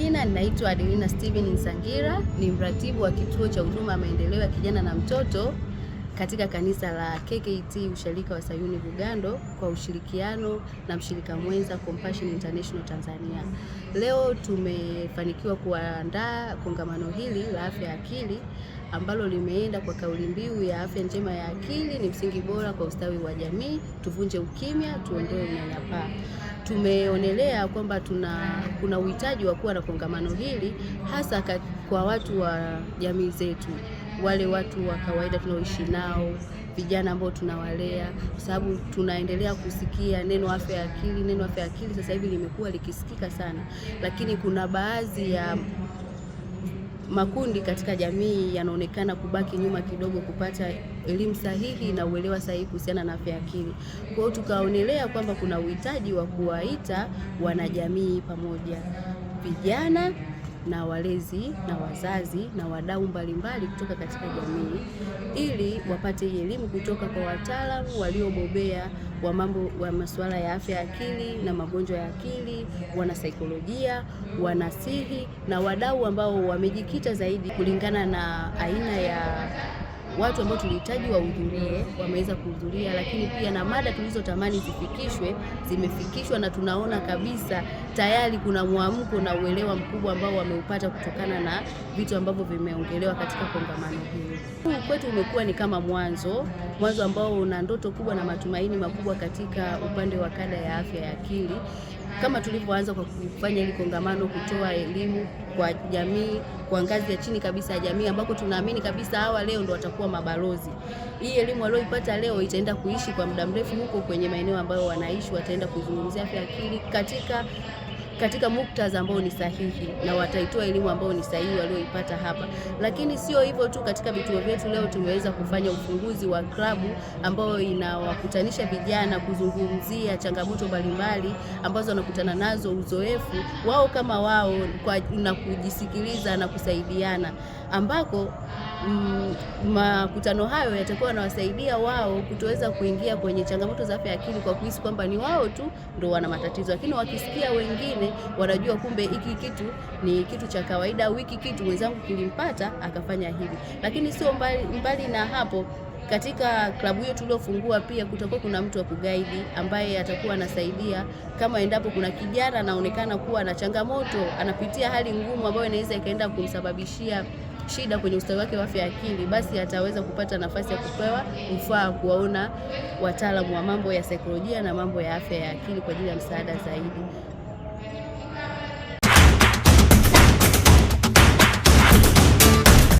jina ninaitwa Adelina Steven Nsangira, ni mratibu wa kituo cha huduma maendeleo ya kijana na mtoto katika kanisa la KKT usharika wa Sayuni Bugando kwa ushirikiano na mshirika mwenza Compassion International Tanzania. Leo tumefanikiwa kuandaa kongamano hili la afya ya akili ambalo limeenda kwa kauli mbiu ya afya njema ya akili ni msingi bora kwa ustawi wa jamii, tuvunje ukimya, tuondoe unyanyapaa. Tumeonelea kwamba tuna kuna uhitaji wa kuwa na kongamano hili hasa kwa watu wa jamii zetu wale watu wa kawaida tunaoishi nao, vijana ambao tunawalea, kwa sababu tunaendelea kusikia neno afya ya akili. Neno afya ya akili sasa hivi limekuwa likisikika sana, lakini kuna baadhi ya makundi katika jamii yanaonekana kubaki nyuma kidogo kupata elimu sahihi na uelewa sahihi kuhusiana na afya ya akili. Kwa hiyo tukaonelea kwamba kuna uhitaji wa kuwaita wanajamii pamoja, vijana na walezi na wazazi na wadau mbalimbali kutoka katika jamii ili wapate elimu kutoka kwa wataalamu waliobobea wa mambo wa masuala ya afya ya akili na magonjwa ya akili, wanasaikolojia, wanasihi na wadau ambao wamejikita zaidi kulingana na aina ya watu ambao tulihitaji wahudhurie wameweza kuhudhuria, lakini pia na mada tulizotamani zifikishwe zimefikishwa, na tunaona kabisa tayari kuna mwamko na uelewa mkubwa ambao wameupata kutokana na vitu ambavyo vimeongelewa katika kongamano hili. Huu kwetu umekuwa ni kama mwanzo, mwanzo ambao una ndoto kubwa na matumaini makubwa katika upande wa kada ya afya ya akili kama tulivyoanza kwa kufanya hili kongamano, kutoa elimu kwa jamii, kwa ngazi ya chini kabisa ya jamii, ambako tunaamini kabisa hawa leo ndo watakuwa mabalozi. Hii elimu walioipata leo itaenda kuishi kwa muda mrefu huko kwenye maeneo ambayo wanaishi, wataenda kuzungumzia afya akili katika katika muktadha ambao ni sahihi na wataitoa elimu ambayo ni sahihi walioipata hapa. Lakini sio hivyo tu, katika vituo vyetu leo tumeweza kufanya ufunguzi wa klabu ambayo inawakutanisha vijana kuzungumzia changamoto mbalimbali ambazo wanakutana nazo, uzoefu wao kama wao, na kujisikiliza na kusaidiana ambako Mm, makutano hayo yatakuwa yanawasaidia wao kutoweza kuingia kwenye changamoto za afya ya akili kwa kuhisi kwamba ni wao tu ndo wana matatizo, lakini wakisikia wengine wanajua kumbe hiki kitu ni kitu cha kawaida au hiki kitu mwenzangu kilimpata akafanya hivi. Lakini sio mbali, mbali na hapo katika klabu hiyo tuliofungua pia kutakuwa kuna mtu wa kugaidi ambaye atakuwa anasaidia, kama endapo kuna kijana anaonekana kuwa na changamoto, anapitia hali ngumu ambayo inaweza ikaenda kumsababishia shida kwenye ustawi wake wa afya ya akili, basi ataweza kupata nafasi ya kupewa rufaa kuwaona wataalamu wa mambo ya saikolojia na mambo ya afya ya akili kwa ajili ya msaada zaidi.